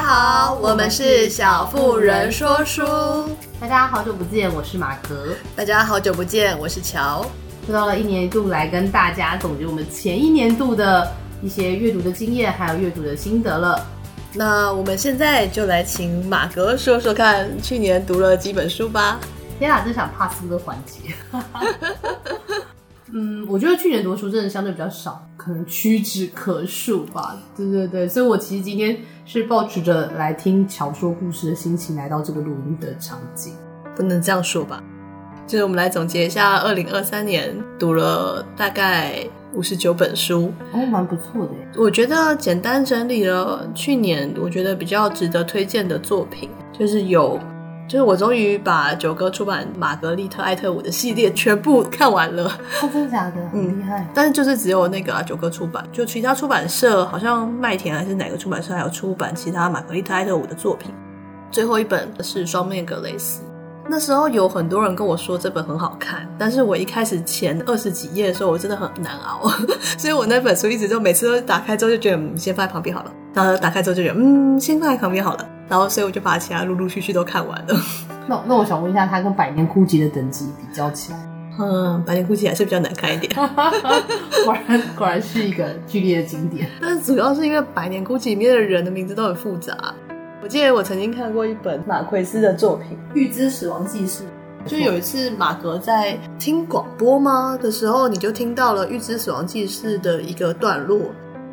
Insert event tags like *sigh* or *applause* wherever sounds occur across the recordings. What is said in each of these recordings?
大家好，我們是小婦人說書。大家好久不見，我是馬格。大家好久不見，我是喬。又到了一年一度來跟大家總結我們前一年度的一些閱讀的經驗，還有閱讀的心得了。那我們現在就來請馬格說說看，去年讀了幾本書吧？天啊，真想 pass 的環節。 *laughs* 嗯，我覺得去年讀書真的相對比較少，可能屈指可數吧。對對對，所以我其實今天是抱持着來聽喬說故事的心情來到這個錄音的場景，不能這樣說吧？就是我們來總結一下，二零二三年讀了大概五十九本書，還、哦、蠻不錯的。我覺得簡單整理了去年我覺得比較值得推薦的作品，就是有。就是我終於把九歌出版《瑪格麗特·艾特伍》的系列全部看完了，他真的假的？很厲害，嗯、但是就是只有那個、啊、九歌出版，就其他出版社好像麥田還是哪個出版社還有出版其他《瑪格麗特·艾特伍》的作品。最後一本是《雙面葛蕾斯》，那時候有很多人跟我說這本很好看，但是我一開始前二十幾頁的時候我真的很難熬， *laughs* 所以我那本書一直就每次都打開之後就覺得、嗯、先放在旁邊好了，然後打開之後就覺得嗯，先放在旁邊好了。然後，所以我就把其他陸陸續續都看完了那。那那我想問一下，它跟《百年孤寂》的等級比較起來，嗯，《百年孤寂》還是比較難看一點。 *laughs* 果然，果然是一個劇烈的經典。但是，主要是因為《百年孤寂》裡面的人的名字都很複雜。我記得我曾經看過一本馬奎斯的作品《預知死亡紀事》，就有一次馬格在聽廣播嗎的時候，你就聽到了《預知死亡紀事》的一個段落。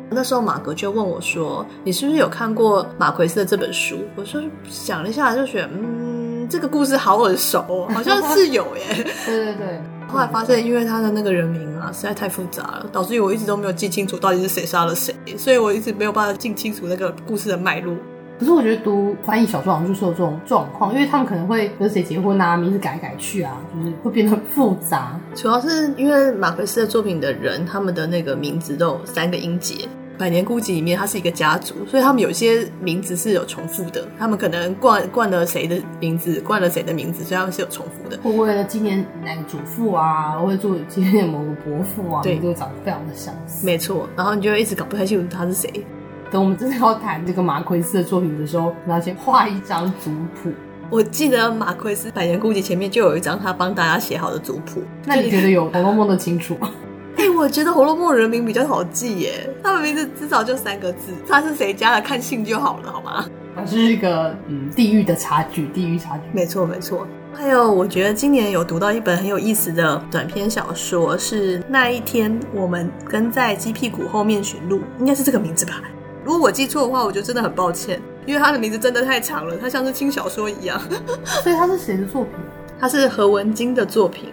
那時候馬格就問我說：“你是不是有看過馬奎斯的這本書？”我說：“想了一下，就覺得，嗯，這個故事好耳熟，好像是有耶。 *laughs* 」對對對。後來發現對對對，因為他的那個人名啊，實在太複雜了，導致於我一直都沒有記清楚到底是誰殺了誰，所以我一直沒有辦法記清楚那個故事的脈絡。可是我覺得讀翻譯小說，好像就是有這種狀況，因為他們可能會跟誰結婚啊，名字改一改去啊，就是會變得很複雜。主要是因為馬奎斯的作品的人，他們的那個名字都有三個音節。《百年孤寂》裡面，它是一個家族，所以他們有些名字是有重複的。他們可能冠冠了誰的名字，冠了誰的名字，所以他們是有重複的，會為了紀念男祖父啊，或者紀念某個伯父啊，對，你就長得非常的相似。沒錯，然後你就一直搞不太清楚他是誰。等我們真的要談這個馬奎斯的作品的時候，你要先畫一張族譜。我記得馬奎斯《百年孤寂》前面就有一張他幫大家寫好的族譜。那你覺得有毛光毛的清楚嗎？ *laughs* 哎、欸，我覺得《紅樓夢》人名比較好記耶，他的名字至少就三個字，他是誰家的看姓就好了，好嗎？還是一個嗯，地域的差距，地域差距。沒錯，沒錯。還有，我覺得今年有讀到一本很有意思的短篇小說，是那一天我們跟在雞屁股後面尋路，應該是這個名字吧？如果我記錯的話，我就真的很抱歉，因為他的名字真的太長了，它像是輕小說一樣。 *laughs* 所以他是誰的作品？他是何玟珒的作品。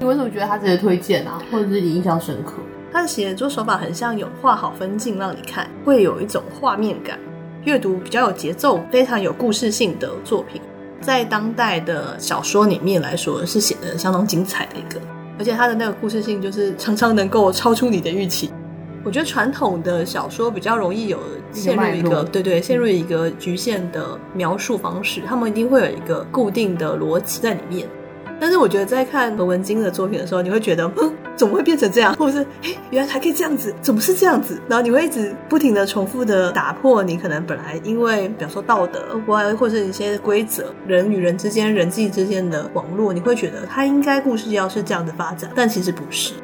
你為什麼覺得他值得推薦啊？或者是你印象深刻？他的寫作手法很像有畫好分鏡讓你看，會有一種畫面感，閱讀比較有節奏，非常有故事性的作品，在當代的小說裡面來說是寫的相當精彩的一個，而且他的那個故事性就是常常能夠超出你的預期。我覺得傳統的小說比較容易有陷入一個，一對，對對，陷入一個局限的描述方式，嗯、他們一定會有一個固定的邏輯在裡面。但是我覺得，在看何玟珒的作品的時候，你會覺得，嗯，怎麼會變成這樣？或者是，哎，原來還可以這樣子，怎麼是這樣子？然後你會一直不停的重複的打破你可能本來因為，比如說道德，或或者一些規則，人與人之間、人際之間的網絡，你會覺得他應該故事要是這樣的發展，但其實不是，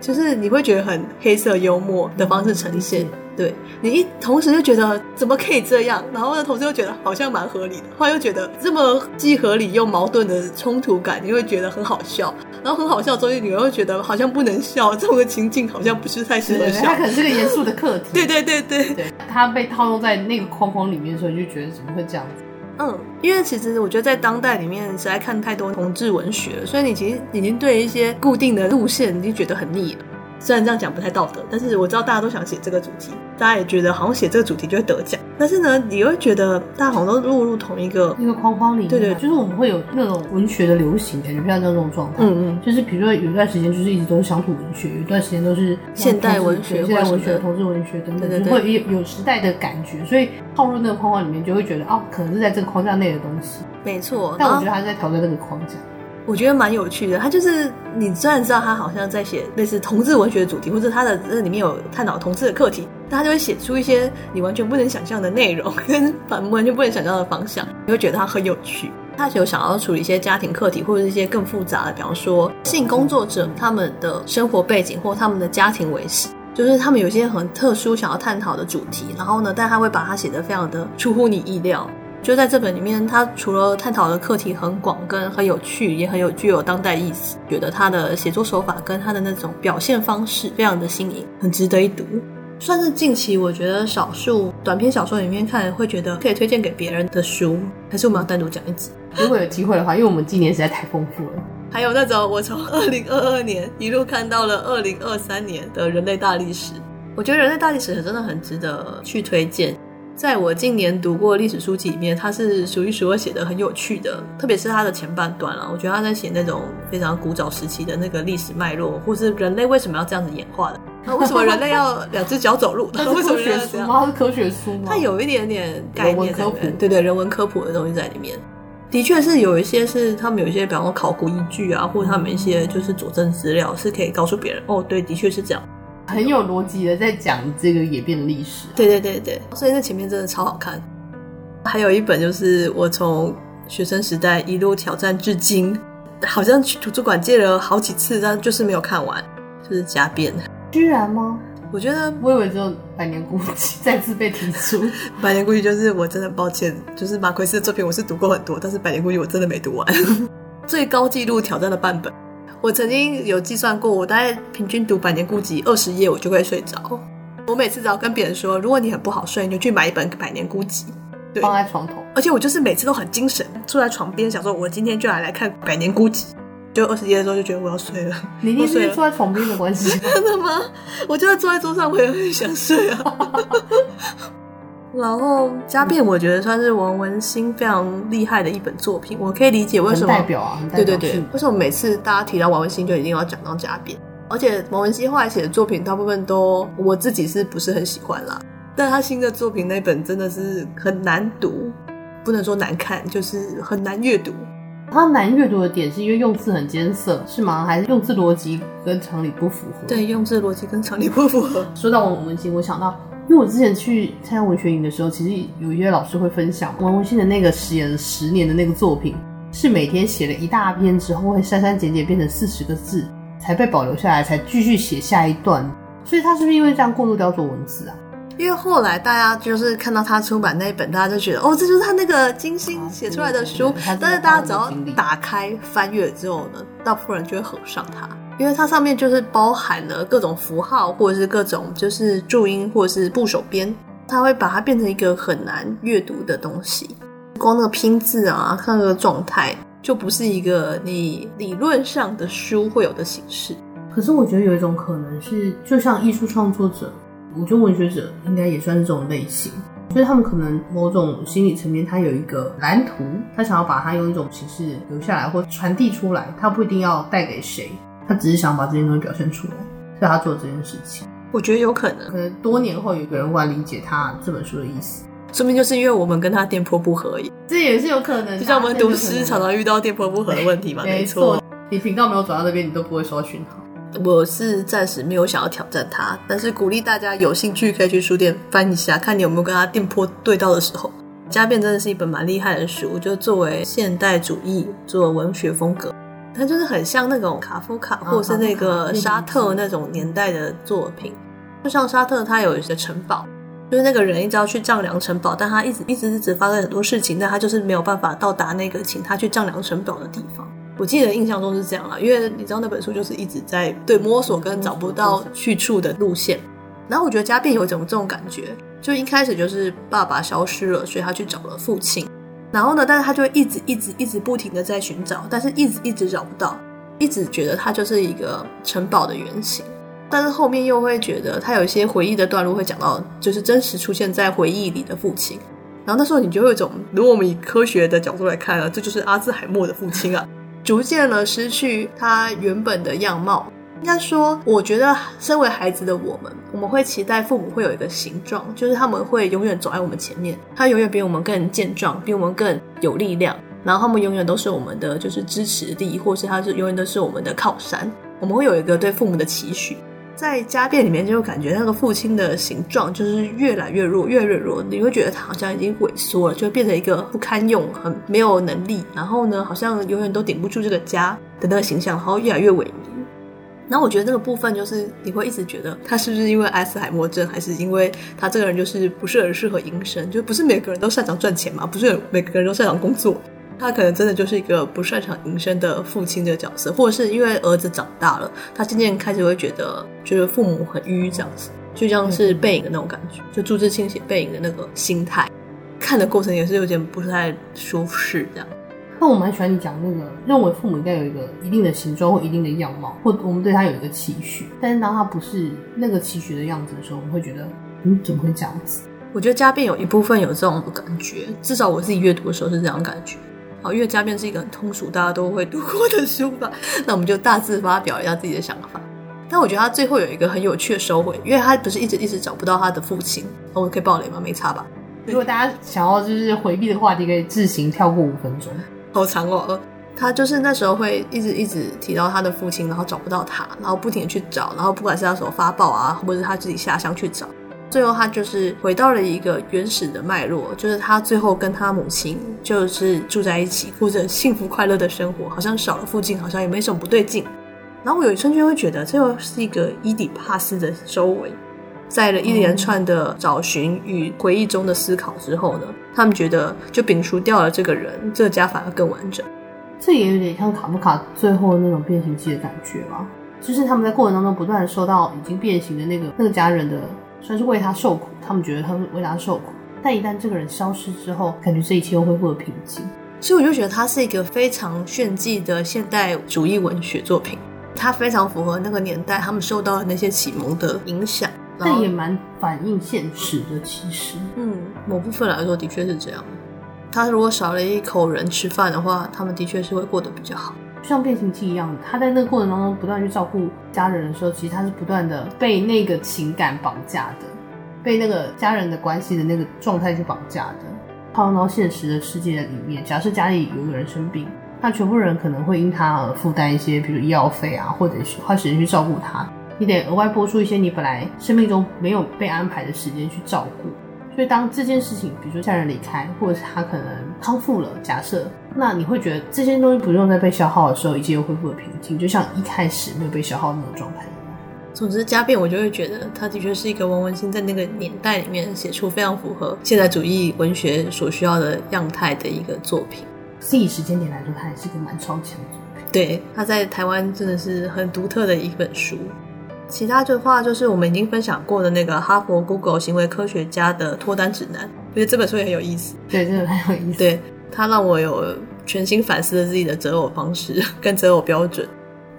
就是你會覺得很黑色幽默的方式呈現。對你一同時又覺得怎麼可以這樣，然後同時又覺得好像蠻合理的，後來又覺得這麼既合理又矛盾的衝突感，你會覺得很好笑，然後很好笑，所以你又會覺得好像不能笑，這個情境好像不是太適合笑，那可能是個嚴肅的課題。 *laughs* 對,對對對對，對，他被套用在那個框框裡面的時候，你就覺得怎麼會這樣子？嗯，因為其實我覺得在當代裡面實在看太多同志文學了，所以你其實你已經對一些固定的路線已經覺得很膩了。雖然這樣講不太道德，但是我知道大家都想寫這個主題，大家也覺得好像寫這個主題就會得獎。但是呢，你又會覺得大家好像都落入,入同一個那個框框裡面，對,對對，就是我們會有那種文學的流行，感覺就像那種狀態，嗯嗯，就是比如說有一段時間就是一直都是鄉土文學，有、嗯、一段時間都是現代文學、現代文學、同志文學等等，等、就是、會有有時代的感覺，所以套入那個框框裡面，就會覺得啊，可能是在這個框架內的東西，沒錯。但我覺得還是在挑戰那個框架。哦我覺得蠻有趣的，他就是你雖然知道他好像在寫類似同志文學的主題，或者他的那裡面有探討同志的課題，但他就會寫出一些你完全不能想象的內容跟完完全不能想象的方向，你會覺得他很有趣。他有想要處理一些家庭課題，或者是一些更複雜的，比方說性工作者他們的生活背景或他們的家庭維繫，就是他們有一些很特殊想要探討的主題，然後呢，但他會把它寫得非常的出乎你意料。就在這本裡面，他除了探討的課題很廣，跟很有趣，也很有具有當代意思。覺得他的寫作手法跟他的那種表現方式非常的新穎，很值得一讀。算是近期我覺得少數短篇小說裡面看會覺得可以推薦給別人的書，還是我們要單獨講一集？ *laughs* 如果有機會的話，因為我們今年實在太豐富了。還有那種我從二零二二年一路看到了二零二三年的人類大歷史，我覺得人類大歷史很真的很值得去推薦。在我近年讀過歷史書籍裡面，它是數一數二寫的很有趣的，特別是它的前半段啊，我覺得他在寫那種非常古早時期的那個歷史脈絡，或是人類為什麼要這樣子演化的。那為什麼人類要兩隻腳走路？ *laughs* 科學書為什麼，它是科學書嗎？它有一點點概念。人文科普。對對，人文科普的東西在裡面。的確是有一些是他們有一些，比方說考古依據啊，或者他們一些就是佐證資料，是可以告訴別人哦，對，的確是這樣。很有邏輯的在講這個演變的歷史，啊，對對對對，所以那前面真的超好看。還有一本就是我從學生時代一路挑戰至今，好像去圖書館借了好幾次，但就是沒有看完，就是家變。居然嗎？我覺得我以為只有《百年孤寂》再次被提出，《百年孤寂》就是我真的抱歉，就是馬奎斯的作品我是讀過很多，但是《百年孤寂》我真的沒讀完，最高紀錄挑戰了半本。我曾經有計算過，我大概平均讀《百年孤寂》二十頁，我就會睡着。我每次只要跟別人說，如果你很不好睡，你就去買一本《百年孤寂》，對，放在床頭。而且我就是每次都很精神，坐在床邊，想說我今天就來來看《百年孤寂》，就二十頁的時候就覺得我要睡了。你一定是坐在床邊的關係。真的嗎？我就在坐在桌上，我也很想睡啊。 *laughs* *laughs* 然後《家變》我覺得算是王文興非常厲害的一本作品，我可以理解為什麼代表啊代表，對對對，為什麼每次大家提到王文興，就一定要講到《家變》，而且王文興後來寫的作品大部分都我自己是不是很喜歡啦？但他新的作品那本真的是很難讀，不能說難看，就是很難閱讀。他難閱讀的點是因為用字很艱澀，是嗎？還是用字邏輯跟常理不符合？對，用字邏輯跟常理不符合。 *laughs* 說到王文興，我想到。因為我之前去參加文學營的時候，其實有一些老師會分享王文興的那個寫十,十年的那個作品，是每天寫了一大篇之後，會刪刪減減變成四十個字，才被保留下來，才繼續寫下一段。所以他是不是因為這樣過度雕琢文字啊？因為後來大家就是看到他出版那一本，大家就覺得哦，這就是他那個精心寫出來的書。啊、的的但是大家只要打開翻閱之後呢，大部分人就會合上他。因為它上面就是包含了各種符號，或者是各種就是注音，或者是部首編，它會把它變成一個很難閱讀的東西。光那個拼字啊，看那個狀態，就不是一個你理論上的書會有的形式。可是我覺得有一種可能是，就像藝術創作者，我覺得文學者應該也算是這種類型。所以他們可能某種心理層面，他有一個藍圖，他想要把它用一種形式留下來或傳遞出來，他不一定要帶給誰。他只是想把這件東西表現出來，所以他做這件事情。我覺得有可能，可能多年後有個人會理解他這本書的意思，說明就是因為我們跟他電波不合，也這也是有可能。就像我們讀書常常遇到電波不合的問題嘛，欸欸、沒錯、欸。你頻道沒有轉到那邊，你都不會收到訊號。我是暫時沒有想要挑戰他，但是鼓勵大家有興趣可以去書店翻一下，看你有沒有跟他電波對到的時候。家變真的是一本蠻厲害的書，就作為現代主義作為文學風格。它就是很像那種卡夫卡，或是那個沙特那種年代的作品，就像沙特他有一個城堡，就是那個人一直要去丈量城堡，但他一直一直一直發生很多事情，但他就是沒有辦法到達那個請他去丈量城堡的地方。我記得印象中是這樣啊，因為你知道那本書就是一直在對摸索跟找不到去處的路線。然後我覺得家變有一種這種感覺，就一開始就是爸爸消失了，所以他去找了父親。然後呢，但是他就會一直、一直、一直不停的在尋找，但是一直、一直找不到，一直覺得他就是一個城堡的原型。但是後面又會覺得，他有一些回憶的段落會講到，就是真實出現在回憶裡的父親。然後那時候你就會有一種，如果我們以科學的角度來看啊，這就是阿茲海默的父親啊， *laughs* 逐漸的失去他原本的樣貌。應該說，我覺得身為孩子的我們，我們會期待，父母會有一個形狀，就是他們會永遠走在我們前面，他永遠比我們更健壯，比我們更有力量，然後他們永遠都是我們的就是支持力，或是他是永遠都是我們的靠山。我們會有一個對父母的期許，在家變裡面就會感覺那個父親的形狀就是越來越弱，越來越弱，你會覺得他好像已經萎縮了，就變成一個不堪用、很沒有能力，然後呢，好像永遠都頂不住這個家的那個形象，然後越來越萎靡。然後我覺得那個部分就是，你會一直覺得他是不是因為阿茲海默症，還是因為他這個人就是不是很適合營生，就不是每個人都擅長賺錢嘛，不是每個人都擅長工作，他可能真的就是一個不擅長營生的父親的角色，或者是因為兒子長大了，他漸漸開始會覺得，覺得父母很迂這樣子，就像是《背影》的那種感覺，就朱自清寫《背影》的那個心態，看的過程也是有點不太舒適這樣那我蠻喜歡你講那個認為父母應該有一個一定的形狀或一定的樣貌，或我們對他有一個期許，但是當他不是那個期許的樣子的時候，我們會覺得，嗯，怎麼會這樣子？我覺得家變有一部分有這種感覺，至少我自己閱讀的時候是這樣感覺。好，因為家變是一個很通俗大家都會讀過的書吧，那我們就大致發表一下自己的想法。但我覺得他最後有一個很有趣的收尾，因為他不是一直一直找不到他的父親。我、哦、可以爆雷嗎？沒差吧？如果大家想要就是迴避的話題，你可以自行跳過五分鐘。好慘哦！他就是那時候會一直一直提到他的父親，然後找不到他，然後不停的去找，然後不管是他所發報啊，或者是他自己下鄉去找，最後他就是回到了一個原始的脈絡，就是他最後跟他母親就是住在一起，過着幸福快樂的生活，好像少了父親好像也沒什麼不對勁。然後我有一瞬間會覺得，這又是一個伊底帕斯的收尾。在了一連串的找尋與回憶中的思考之後呢，嗯、他們覺得就摒除掉了這個人，這個、家反而更完整。這也有點像卡夫卡最後那種變形記的感覺吧，就是他們在過程當中不斷地受到已經變形的那個那個家人的，算是為他受苦。他們覺得他們為他受苦，但一旦這個人消失之後，感覺這一切又恢復了平靜。所以我就覺得它是一個非常炫技的現代主義文學作品，它非常符合那個年代他們受到的那些啟蒙的影響。但也蠻反映現實的，其實，嗯，某部分來說的確是這樣。他如果少了一口人吃飯的話，他們的確是會過得比較好。就像變形記一樣，他在那個過程當中不斷去照顧家人的時候，其實他是不斷的被那個情感綁架的，被那個家人的關係的那個狀態去綁架的。套用到現實的世界裡面，假設家裡有個人生病，那全部人可能會因他而負擔一些，比如醫藥費啊，或者是花時間去照顧他。你得額外撥出一些你本來生命中沒有被安排的時間去照顧，所以當這件事情，比如說家人離開，或者是他可能康復了，假設，那你會覺得這些東西不用再被消耗的時候，一切又恢復了平靜，就像一開始沒有被消耗的那種狀態。總之，家變我就會覺得他的確是一個王文興在那個年代裡面寫出非常符合現代主義文學所需要的樣態的一個作品。所以時間點來說，他還是一個蠻超前的作品。對，他在台灣真的是很獨特的一本書。其他的話就是我們已經分享過的那個哈佛、Google 行為科學家的脫單指南，我覺得這本書也很有意思。對，真的很有意思。對，它讓我有全新反思了自己的擇偶方式跟擇偶標準，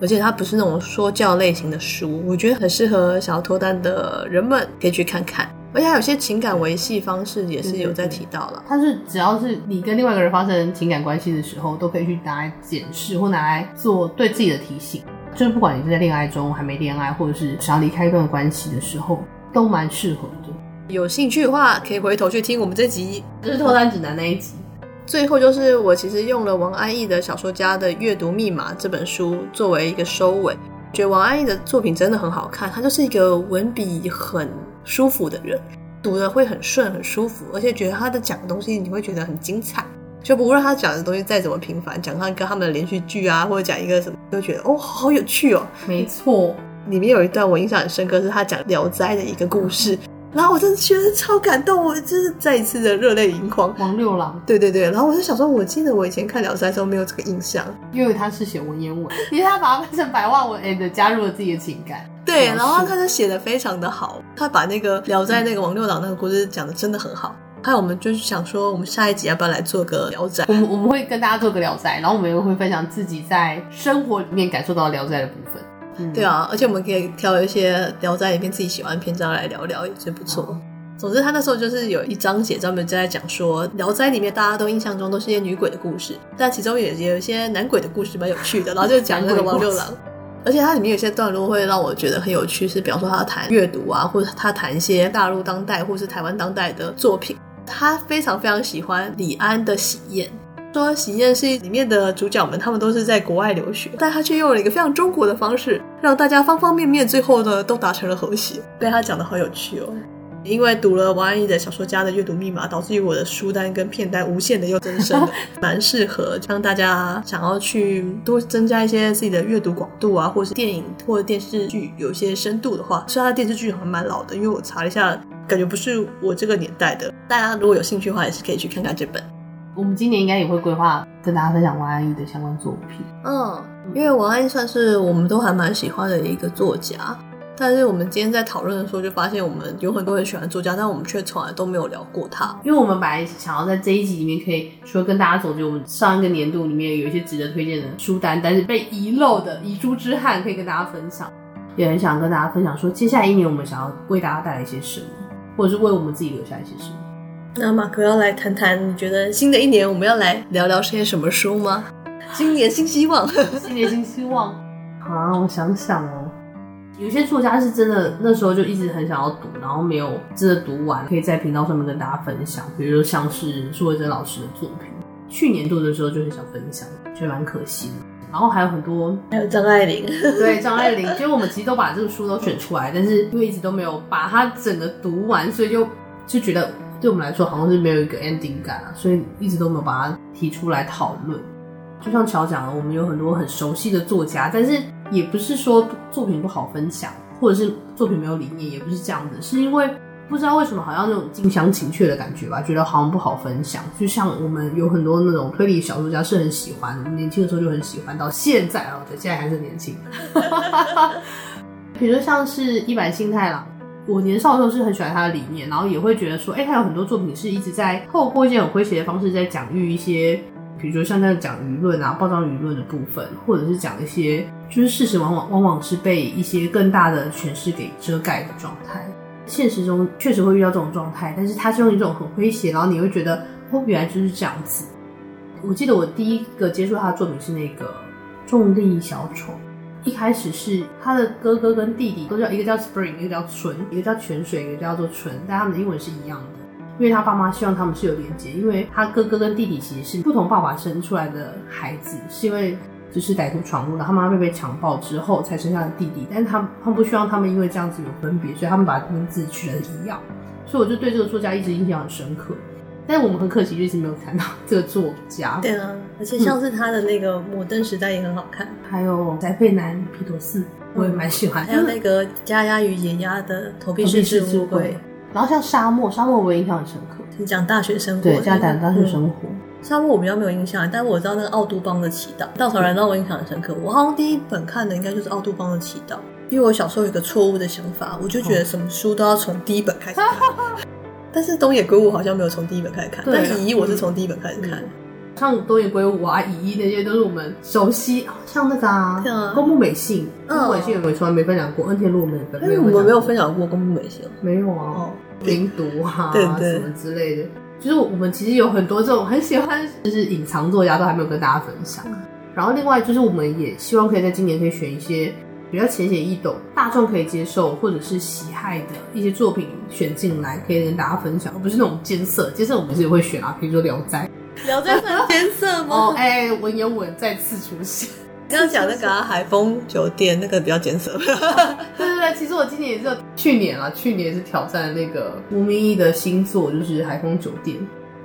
而且它不是那種說教類型的書，我覺得很適合想要脫單的人們可以去看看。而且還有些情感維繫方式也是有在提到了，它是只要是你跟另外一個人發生情感關係的時候，都可以去拿來檢視或拿來做對自己的提醒。就是不管你是在戀愛中、還沒戀愛，或者是想要離開一段關係的時候，都蠻適合的。有興趣的話，可以回頭去聽我們這集，就是脫單指南那一集。最後就是我其實用了王安憶的小說家的閱讀密碼這本書作為一個收尾，覺得王安憶的作品真的很好看，他就是一個文筆很舒服的人，讀的會很順、很舒服，而且覺得他的講的東西你會覺得很精彩。就不論他講的東西再怎麼平凡，講他跟他們的連續劇啊，或者講一個什麼，都覺得哦，好有趣哦。沒錯，裡面有一段我印象很深刻，是他講《聊齋》的一個故事，嗯，然後我真的覺得超感動，我就是再一次的熱淚盈眶。王六郎，對對對。然後我就想說，我記得我以前看《聊齋》的時候沒有這個印象，因為他是寫文言文， *laughs* 因為他把它翻成白話文誒的，加入了自己的情感。對，然後他就寫的非常的好，他把那個《聊齋》那個王六郎那個故事講的真的很好。還有我們就是想說，我們下一集要不要來做個聊齋？我們我們會跟大家做個聊齋，然後我們也會分享自己在生活裡面感受到聊齋的部分。嗯。對啊，而且我們可以挑一些聊齋裡面自己喜歡的篇章來聊聊，也真不錯。哦、總之，他那時候就是有一章節專門就在講說聊齋裡面大家都印象中都是一些女鬼的故事，但其中也有些男鬼的故事蠻有趣的。然後就講那個王六郎， *laughs* 而且它裡面有些段落會讓我覺得很有趣，是比方說他談閱讀啊，或者他談一些大陸當代或是台灣當代的作品。他非常非常喜歡李安的《喜宴》，說《喜宴》是裡面的主角們，他們都是在國外留學，但他卻用了一個非常中國的方式，讓大家方方面面最後呢都達成了和諧。被他講得好有趣哦。因為讀了王安憶的小說家的閱讀密碼，導致於我的書單跟片單無限的又增生了， *laughs* 蠻適合讓大家想要去多增加一些自己的閱讀廣度啊，或是電影或者電視劇有一些深度的話。雖然電視劇好像蠻老的，因為我查了一下，感覺不是我這個年代的。大家如果有興趣的話，也是可以去看看這本。我們今年應該也會規劃跟大家分享王安憶的相關作品。嗯，因為王安憶算是我們都還蠻喜歡的一個作家。但是我們今天在討論的時候，就發現我們有很多人喜歡作家，但我們卻從來都沒有聊過他。因為我們本來想要在這一集裡面，可以說跟大家總結我們上一個年度裡面有一些值得推薦的書單，但是被遺漏的遺珠之憾，可以跟大家分享。也很想跟大家分享說，說接下來一年我們想要為大家帶來一些什麼，或者是為我們自己留下一些什麼。那馬哥要來談談，你覺得新的一年我們要來聊聊些什麼書嗎？今年新希望，今 *laughs* 年新希望。好，我想想哦。有些作家是真的，那時候就一直很想要讀，然後沒有真的讀完，可以在頻道上面跟大家分享。比如說像是蘇慧哲老師的作品，去年度的時候就很想分享，覺得蠻可惜的。然後還有很多，還有張愛玲，對張愛玲，其 *laughs* 實我們其實都把這個書都選出來，但是因為一直都沒有把它整個讀完，所以就就覺得對我們來說好像是沒有一個 ending 感，所以一直都沒有把它提出來討論。就像喬講的，我們有很多很熟悉的作家，但是。也不是說作品不好分享，或者是作品沒有理念，也不是這樣子，是因為不知道為什麼好像那種近鄉情怯的感覺吧，覺得好像不好分享。就像我們有很多那種推理小說家是很喜歡，我們年輕的時候就很喜歡，到現在哦，對，現在還是年輕。哈哈哈。比如像是伊坂幸太郎，我年少的時候是很喜歡他的理念，然後也會覺得說，哎、欸，他有很多作品是一直在透過一些很詼諧的方式在講喻一些，比如說像在講輿論啊、報章輿論的部分，或者是講一些。就是事實往往往往是被一些更大的詮釋給遮蓋的狀態。現實中確實會遇到這種狀態，但是他是用一種很詼諧，然後你會覺得哦，原來就是這樣子。我記得我第一個接觸他的作品是那個《重力小丑》，一開始是他的哥哥跟弟弟都叫一個叫 Spring，一個叫春，一個叫泉水，一個叫做春，但他們的英文是一樣的，因為他爸媽希望他們是有連接，因為他哥哥跟弟弟其實是不同爸爸生出來的孩子，是因為。就是歹徒闖入了，他媽媽被被強暴之後才生下的弟弟，但是他們他們不希望他們因為這樣子有分別，所以他們把名字取了一樣。所以我就對這個作家一直印象很深刻。但是我們很可惜，就一直沒有看到這個作家。對啊，而且上次他的那個《摩登時代》也很好看，嗯、還有《宅配男披頭四》，我也蠻喜歡、嗯。還有那個家鴨與野鴨的投幣式置物櫃，投幣式置物櫃。對。然後像《沙漠》，沙漠我也印象很深刻，你講大學生活。對，講大學生活。嗯沙漠我比較沒有印象，但是我知道那個奧杜邦的祈禱《稻草人》讓我印象很深刻。我好像第一本看的應該就是奧杜邦的祈禱，因為我小時候有個錯誤的想法，我就覺得什麼書都要從第一本開始看、哦。但是東野圭吾好像沒有從第一本開始看， *laughs* 但是《乙一我是從第一本開始看的。像、嗯嗯、東野圭吾啊、乙一那些都是我們熟悉，像那個啊，宮、啊、部美幸》嗯，《宮部美幸》有沒有從來沒分享過？恩田陸我們分享過，有？我們沒有分享過宮部美幸、啊》沒有啊，冰、哦、毒啊對對對什麼之類的。就是我們其實有很多這種很喜歡，就是隱藏作家都還沒有跟大家分享。然後另外就是我們也希望可以在今年可以選一些比較淺顯易懂，大眾可以接受或者是喜愛的一些作品選進來，可以跟大家分享，而不是那種艱澀，艱澀我們自己會選啊，比如說《聊齋》。聊齋是艱澀嗎？ *laughs* 哦，哎、欸，文言文再次出現。你剛講那個、啊、是是是海風酒店那個比較艱澀， *laughs* *laughs* 對對對。其實我今年也是，去年啊，去年是挑戰那個吳明益的新作，就是海風酒店。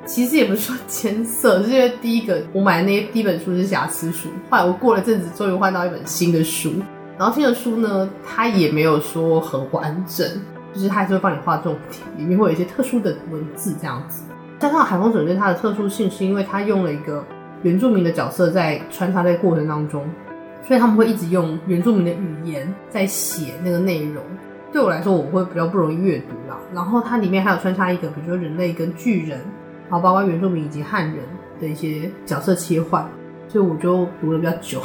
其實也不是說艱澀，就是因為第一個我買的那第一本書是瑕疵書，後來我過了陣子，終於換到一本新的書。然後新的書呢，它也沒有說很完整，就是它還是會幫你畫重點，裡面會有一些特殊的文字這樣子。加上海風酒店它的特殊性，是因為它用了一個。原住民的角色在穿插在過程當中，所以他們會一直用原住民的語言在寫那個內容。對我來說，我會比較不容易閱讀啦。然後它裡面還有穿插一個，比如說人類跟巨人，然後包括原住民以及漢人的一些角色切換，所以我就讀了比較久。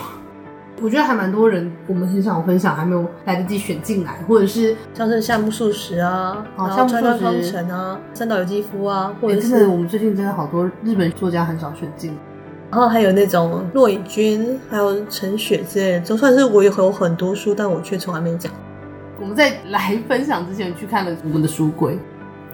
我覺得還蠻多人我，我們很想分享，還沒有來得及選進來，或者是像是夏目漱石啊，然後夏目漱石啊，三島由紀夫啊，或者是、欸，我們最近真的好多日本作家很少選進。然後還有那種駱以軍，嗯、還有陳雪之類的，就算是我有很多書，但我卻從來沒講。我們在來分享之前去看了我們的書櫃。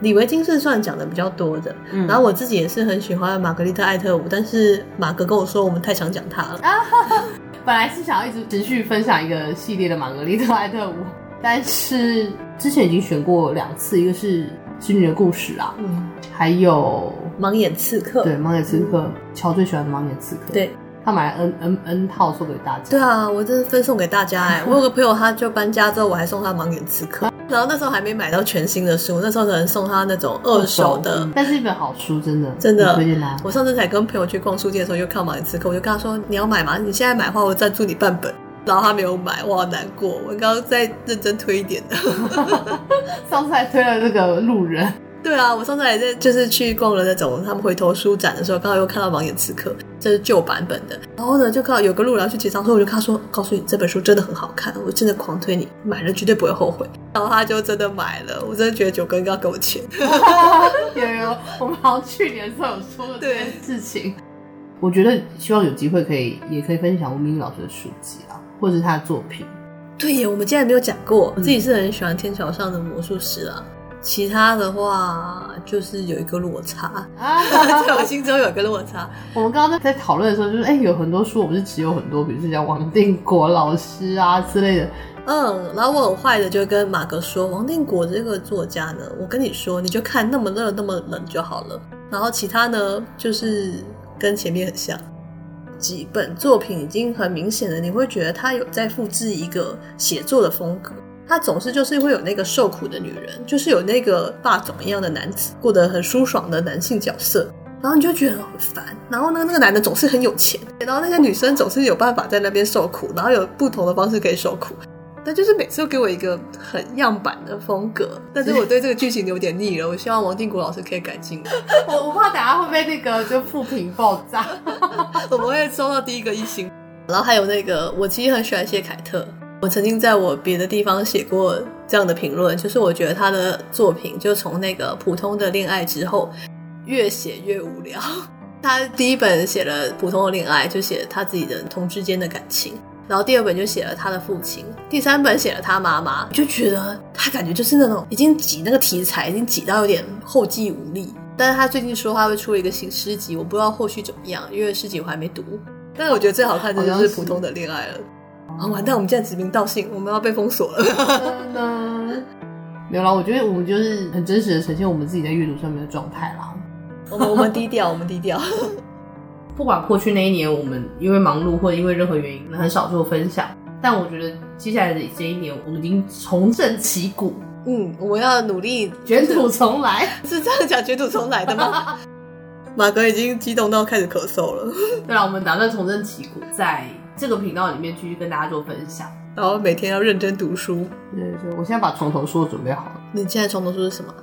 李維菁是算講的比較多的、嗯，然後我自己也是很喜歡瑪格麗特·愛特伍，但是馬格跟我說我們太常講她了。啊哈哈，本來是想要一直持續分享一個系列的瑪格麗特·愛特伍，但是之前已經選過兩次，一個是《使女的故事》啦啊、嗯，還有。盲眼刺客，對，盲眼刺客，喬、嗯、最喜歡盲眼刺客，對，他買了 n n n 套送給大家。對啊，我真是分送給大家哎、欸！我有個朋友，他就搬家之後，我還送他盲眼刺客。 *laughs* 然後那時候還沒買到全新的書，那時候只能送他那種二手的二手，但是一本好書，真的真的。我上次才跟朋友去逛書店的時候，又看盲眼刺客，我就跟他說：“你要買嗎？你現在買的話，我贊助你半本。”然後他沒有買，我好難過。我剛剛在認真推一點的， *laughs* *laughs* 上次還推了那個路人。對啊，我上次還在就是去逛了那種他們回頭書展的時候，剛好又看到《盲眼刺客》，這是舊版本的。然後呢，就剛好有個路人去結賬，所以我就跟他說，告訴你這本書真的很好看，我真的狂推你，買了絕對不會後悔。然後他就真的買了，我真的覺得九哥應該要給我錢。啊、有有，我們好像去年就有說過這件事情。我覺得希望有機會可以，也可以分享吳明益老師的書籍啊，或者是他的作品。對耶，我們竟然沒有講過，我自己是很喜歡《天橋上的魔術師》啊。其他的話就是有一個落差，在、啊、 *laughs* 我心中有一個落差。我們剛剛在討論的時候，就是哎、欸，有很多書，我不是只有很多，比如叫王定國老師啊之類的。嗯，然後我很壞的就跟馬哥說，王定國這個作家呢，我跟你說，你就看那麼熱那麼冷就好了。然後其他呢，就是跟前面很像，幾本作品已經很明顯了，你會覺得他有在複製一個寫作的風格。他總是就是會有那個受苦的女人，就是有那個霸總一樣的男子，過得很舒爽的男性角色，然後你就覺得很煩。然後呢，那個男的總是很有錢，然後那些女生總是有辦法在那邊受苦，然後有不同的方式可以受苦。但就是每次都給我一個很樣板的風格，但是我對這個劇情有點膩了。我希望王定國老師可以改進。 *laughs* 我我怕等下會被那個就負評爆炸，我 *laughs* 會抽到第一個一星。 *laughs* 然後還有那個，我其實很喜歡謝凱特。我曾經在我別的地方寫過這樣的評論，就是我覺得他的作品就從那個普通的戀愛之後，越寫越無聊。他第一本寫了普通的戀愛，就寫了他自己的同志間的感情，然後第二本就寫了他的父親，第三本寫了他媽媽，就覺得他感覺就是那種已經擠那個題材，已經擠到有點後繼無力。但是他最近說話會出了一個新詩集，我不知道後續怎麼樣，因為詩集我還沒讀。但我覺得最好看的就是普通的戀愛了。哦、完蛋！我們現在指名道姓，我們要被封鎖了、。 *laughs* 嗯嗯嗯。沒有啦，我覺得我們就是很真實的呈現我們自己在閱讀上面的狀態啦。 *laughs* 我們我們低調，我們低調。 *laughs* 不管過去那一年，我們因為忙碌或者因為任何原因，很少做分享。但我覺得接下來這一年，我們已經重振旗鼓。嗯，我們要努力捲土重來， *laughs* 是這樣講捲土重來的嗎？ *laughs* 馬哥已經激動到開始咳嗽了。 *laughs* 對啦，我們打算重振旗鼓，再這個頻道裡面繼續跟大家做分享，然後每天要認真讀書。對對，我現在把床頭書準備好了。你現在床頭書是什麼？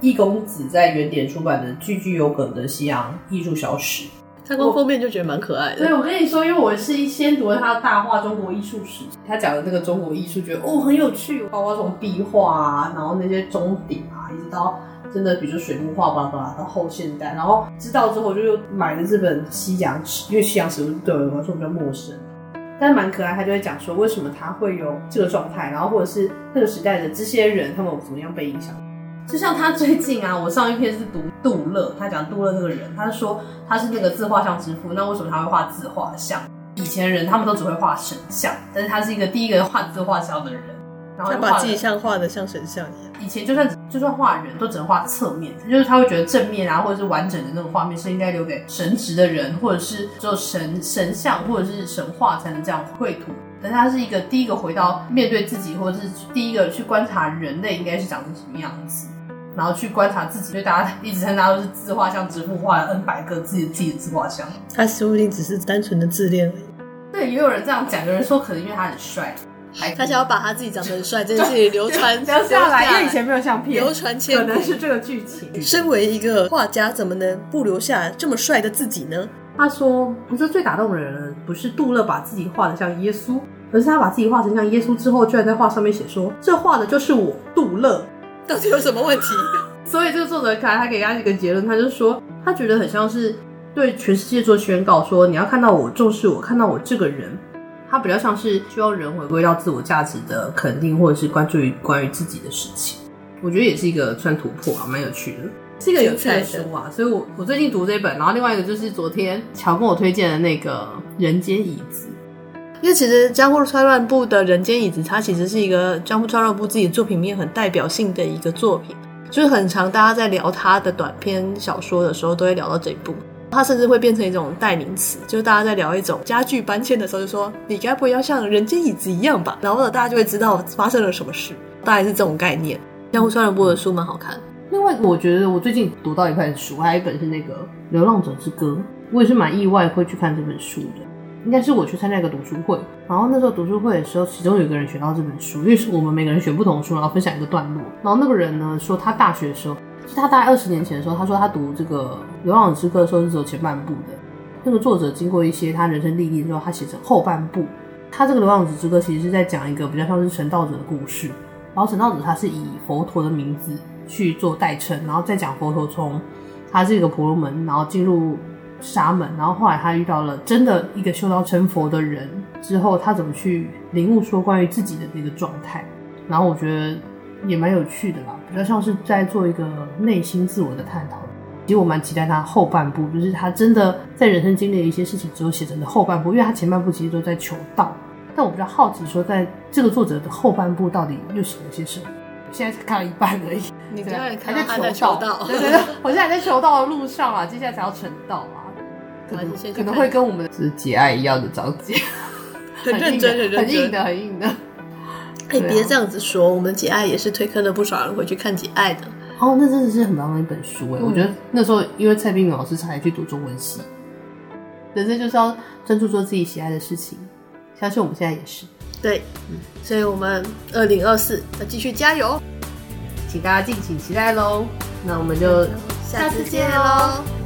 意公子在原點出版的《句句有梗的西洋藝術小史》，看過封面就覺得蠻可愛的。對，我跟你說，因為我是一先讀了他的《大話中國藝術史》，他講的這個中國藝術，覺得哦很有趣，包括從壁畫啊，然後那些鐘鼎啊，一直到。真的，比如說水墨畫吧，吧，到後現代，然後知道之後就又買了這本西洋史，因為西洋史對我來說比較陌生，但蠻可愛，他就會講說為什麼他會有這個狀態，然後或者是那個時代的這些人他們有怎麼樣被影響，就像他最近啊，我上一篇是讀杜勒，他講杜勒這個人，他是說他是那個自畫像之父，那為什麼他會畫自畫像？以前人他們都只會畫神像，但是他是一個第一個畫自畫像的人。然後他把自己像畫的像神像一樣，以前就算就算畫人都只能畫側面，就是他會覺得正面啊，或者是完整的那種畫面是應該留給神職的人，或者是只有神神像或者是神話才能這樣繪圖。但是他是一個第一個回到面對自己，或者是第一個去觀察人類應該是長成什麼樣子，然後去觀察自己。所以大家一直在拿都是自畫像、自畫像，N 百個自己自己的自畫像。他說不定只是單純的自戀而已。對，也有人這樣講，有人說可能因為他很帥。他想要把他自己長得很帥，真是流傳 *laughs* 下來。因為以前沒有相片，流傳千，流千可能是這個劇情。身為一個畫家，怎麼能不留下來這麼帥的自己呢？他說：“不是最打動的人，不是杜勒把自己畫的像耶穌，而是他把自己畫成像耶穌之後，居然在畫上面寫說：‘這畫的就是我，杜勒。’到底有什麼問題？ *laughs* 所以這個作者看來，他給大家一個結論，他就說他覺得很像是對全世界做宣告說：說你要看到我，重視我，看到我這個人。”它比較像是需要人回歸到自我價值的肯定，或者是關注於關於自己的事情。我覺得也是一個算突破啊，蠻有趣的。這個有趣、啊、的書啊，所以我我最近讀這一本，然後另外一個就是昨天喬跟我推薦的那個人間椅子。因為其實江戶川亂步的人間椅子，它其實是一個江戶川亂步自己的作品裡面很代表性的一個作品，就是很常大家在聊他的短篇小說的時候，都會聊到這一部。它甚至會變成一種代名詞，就是、大家在聊一種家具搬遷的時候，就說你該不會要像人間椅子一樣吧？然後大家就會知道發生了什麼事，大概是這種概念。江戶川亂步的書蠻好看。另外，我覺得我最近讀到一塊書，還有一本是那個《流浪者之歌》，我也是蠻意外會去看這本書的。應該是我去參加一個讀書會，然後那時候讀書會的時候，其中有個人選到這本書，因為是我們每個人選不同書，然後分享一個段落。然後那個人呢說，他大學的時候。他大概二十年前的時候，他說他讀這個《流浪者之歌》的時候，是只有前半部的。那個作者經過一些他人生歷練之後，他寫成後半部。他這個《流浪者之歌》其實是在講一個比較像是成道者的故事。然後成道者他是以佛陀的名字去做代稱，然後再講佛陀從他這個婆羅門，然後進入沙門，然後後來他遇到了真的一個修道成佛的人之後，他怎麼去領悟說關於自己的那個狀態。然後我覺得。也蠻有趣的吧，比較像是在做一個內心自我的探討。其實我蠻期待他後半部，就是他真的在人生經歷的一些事情之後寫成的後半部，因為他前半部其實都在求道。但我比較好奇說，在這個作者的後半部到底又寫了些什麼事？現在才看了一半而已。你可以看到他在求道，還求道求道對，我現在還在求道的路上啊，接下來才要成道啊，可能可能會跟我們是節哀一樣的着急，很認真，的認,真，認真，很硬的，很硬的。哎、欸，別、啊、這樣子說，我們《簡愛》也是推坑了不少人回去看《簡愛》的。哦，那真的是很棒的一本書哎、嗯！我覺得那時候因為蔡冰老師才去讀中文系，人生就是要專注做自己喜愛的事情，相信我們現在也是。對，嗯，所以我們二零二四要繼續加油，請大家敬請期待嘍！那我們就下次見嘍。